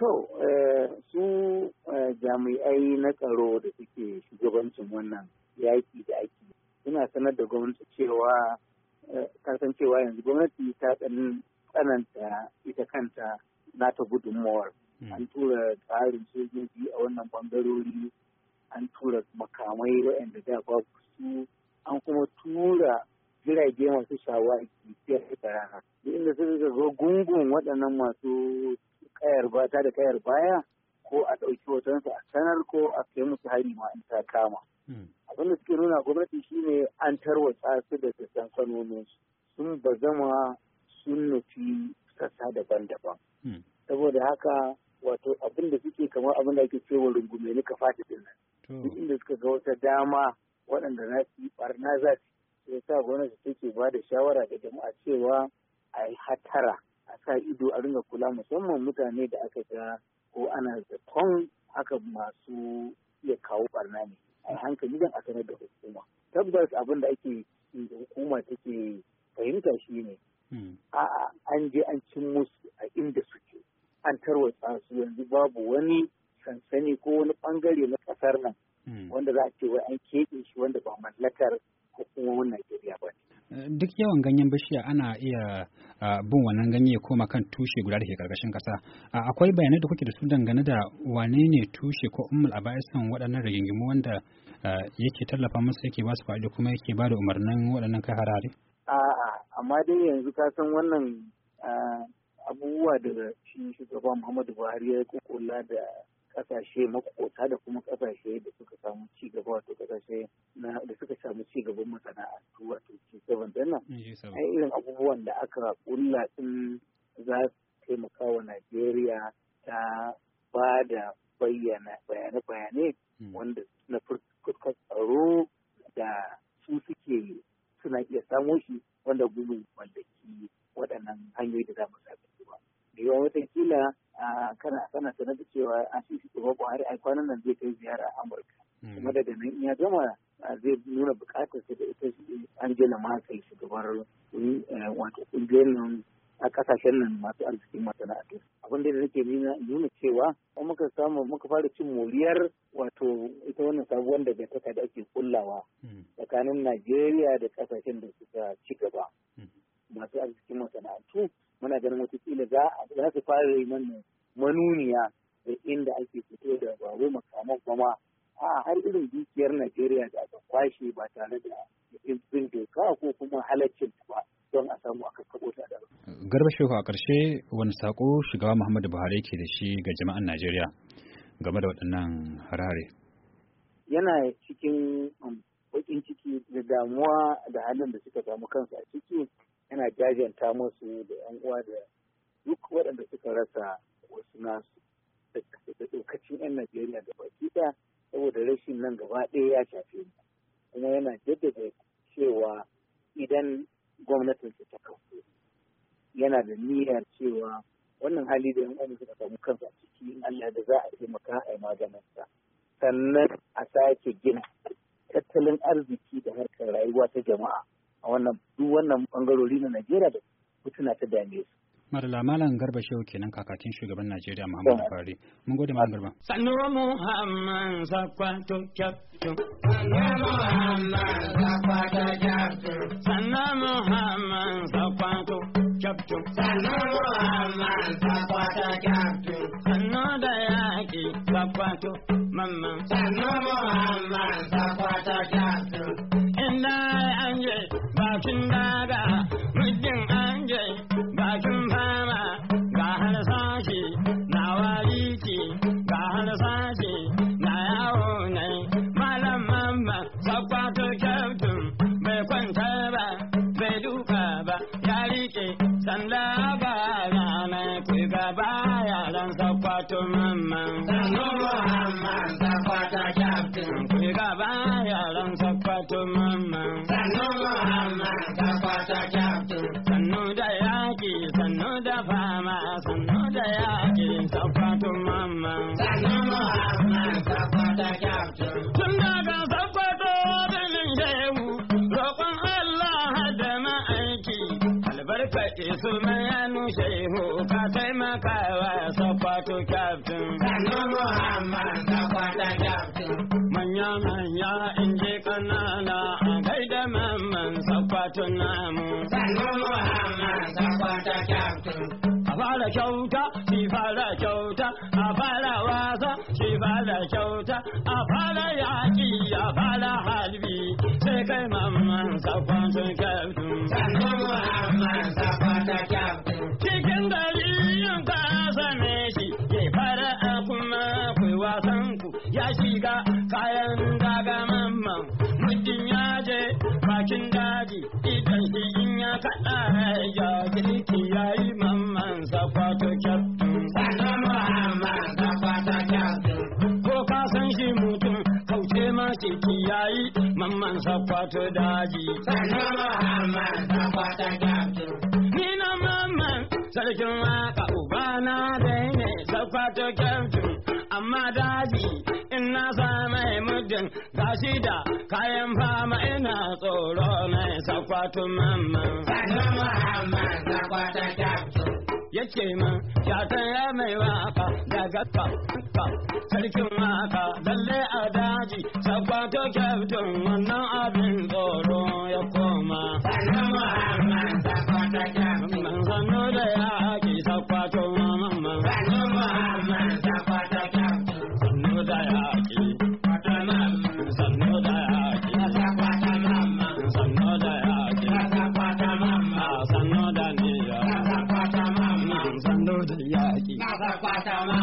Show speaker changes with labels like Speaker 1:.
Speaker 1: To, eh, su eh, jami'ai na tsaro da suke shugabancin wannan yaƙi da ake suna sanar da gwamnati cewa eh, kasan cewa yanzu gwamnati ta tsananta ita kanta nata gudunmawar. Hmm. An tura tsarin sojoji a wannan bangarori, an tura makamai waɗanda da babu su, an kuma tura jirage masu shawaki fiye da rana. Inda suka ga gungun waɗannan masu kayar bata da kayar baya ko a ɗauki hotonsa a sanar ko a kai musu hari ma in ta kama. Hmm. Abin da suke nuna gwamnati shine an tarwatsa su da sassan kanoninsu sun ba zama sun nufi sassa daban-daban. Hmm. Saboda haka wato abin da suke kamar abin da ake cewa rungume ni ka fata din nan. Duk inda suka ga wata dama waɗanda na fi barna za su. Sai sa gwamnati take ba da shawara ga jama'a cewa a yi hatara. a sa ido a ringa kula musamman mutane da aka ga ko ana zaton haka masu iya kawo barna ne a hankali don a sanar da hukuma tabbas abin da ake hukuma take fahimta shi ne hmm. a'a an je an cin musu a inda suke an tarwatsa su yanzu babu wani sansani ko wani bangare na kasar nan hmm. wanda za a ce wai an keɓe shi wanda ba mallakar hukumomin Najeriya ba ne duk yawan ganyen bishiya ana iya bin wannan ganye ko koma kan tushe guda da ke karkashin kasa akwai bayanai da kuke da su dangane da wane ne tushe ko a ummul aba'isan waɗannan rigingimu wanda yake tallafa musu yake ba su faɗi kuma yake ba da umarnin waɗannan kai harare a'a amma dai yanzu ka san wannan abubuwa da shi shugaba Muhammadu Buhari ya yi kokola da kasashe makota da kuma kasashe da suka samu ci gaba wato kasashe da suka samu ci gaban masana'antu wato G7 din ai irin abubuwan da aka kulla din za su taimaka wa Najeriya ta ba da bayyana bayane-bayane hmm. wanda na fuskar tsaro da su suke suna iya samo shi wanda gudun wanda ke waɗannan hanyoyi da za mu sami ba. Da yawan watakila kana sana sanar da cewa an shi shugaba buhari a kwanan nan zai kai ziyara a amurka hmm. kuma daga nan ya gama zai nuna bukatar da ita angela merkel shugabar eh, wato kungiyar nan a kasashen nan masu arziki masana'antu abin da nake nuna cewa kuma muka samu muka fara cin moriyar wato ita wannan sabuwar daga taka da ake kullawa hmm. tsakanin najeriya da kasashen da suka ci gaba hmm. masu arziki masana'antu muna ganin watakila za su fara yi mana manuniya da inda ake fito da babu wai kuma a har irin dukiyar najeriya da aka kwashe ba tare da bin doka ko kuma halaccin ba don a samu aka kabo ta da garba shehu a ƙarshe wani sako shugaba muhammadu buhari yake da shi ga jama'an najeriya game da waɗannan harare yana cikin um, baƙin ciki da damuwa da halin da suka samu kansu a ciki yana jajanta masu da yan uwa da duk waɗanda suka rasa wasu nasu da ɗaukacin 'yan Najeriya da baki da saboda rashin nan gaba ɗaya ya shafe mu kuma yana jaddada cewa idan gwamnatin ta kafu yana da niyyar cewa wannan hali da 'yan uwa suka samu kansa ciki in Allah da za a taimaka a yi maganin sa sannan a sake gina tattalin arziki da harkar rayuwa ta jama'a a wannan duk wannan bangarori na Najeriya da mutuna ta dame su. Madalla Malam Garba Shehu kenan kakakin shugaban Najeriya Muhammadu Buhari. Mun gode Malam Garba. Sanu Muhammad Zakwato Kyaftu.
Speaker 2: Sanu Muhammad Zakwato Kyaftu. Sanu Muhammad Zakwato Kyaftu. Sanu Muhammad Zakwato Kyaftu. Sanu da yaki Zakwato Mamman. Sanu Muhammad Zakwato Kyaftu. Inda bakin daga muddin an je bakin fama ga harsashi na wariki ga harsashi na yawo ne malam mamma sakwato kyautun bai kwanta ba bai duka ba ya rike sanda ba na rana ku gaba yaran sakwato mamma sanu muhammad sakwato kyautum ku gaba yaran to mama. Sannu Muhammad ka kwata kyaftu. Sannu da yaƙi, sannu da fama, sannu da yaƙi, sakwato mama. Sannu Muhammad ka kwata kyaftu. Tun daga sakwato birnin gemu, roƙon Allah da ma'aiki. Albarka isu mayanu shehu ka taimakawa sakwato kyaftu. Sannu Muhammad ka kwata kyaftu. manya manya in je kanana a gaida mamman sakwato namu. Sannu Muhammad sakwata kyautu. A fara kyauta, shi fara kyauta, a fara wasa, shi fara kyauta, a fara yaƙi, a fara halbi, sai kai mamman sakwato kyautu. Sannu Muhammad sakwata kyautu. Cikin dalilin ka same shi, ke fara kuma kuwa wasan ku ya shiga. mutum ya je bakin daji idan shi in ya kaɗa ya kirki ya yi mamman sakwato kyaftu. Sanama amma sakwata kyaftu. Ko ka san shi mutum kauce ma ciki ya yi mamman sakwato daji. Sanama amma sakwata kyaftu. Ni na mamman sarkin waka ubana da ne sakwato kyaftu. amma daji in na mai muddin gashi da kayan fama ina tsoro mai sakwatu mamman. Sannan Muhammad sakwata ya ce min ya mai waka daga kafa sarkin waka lalle a daji sakwato kyaftin wannan abin tsoro ya koma. ආසාවම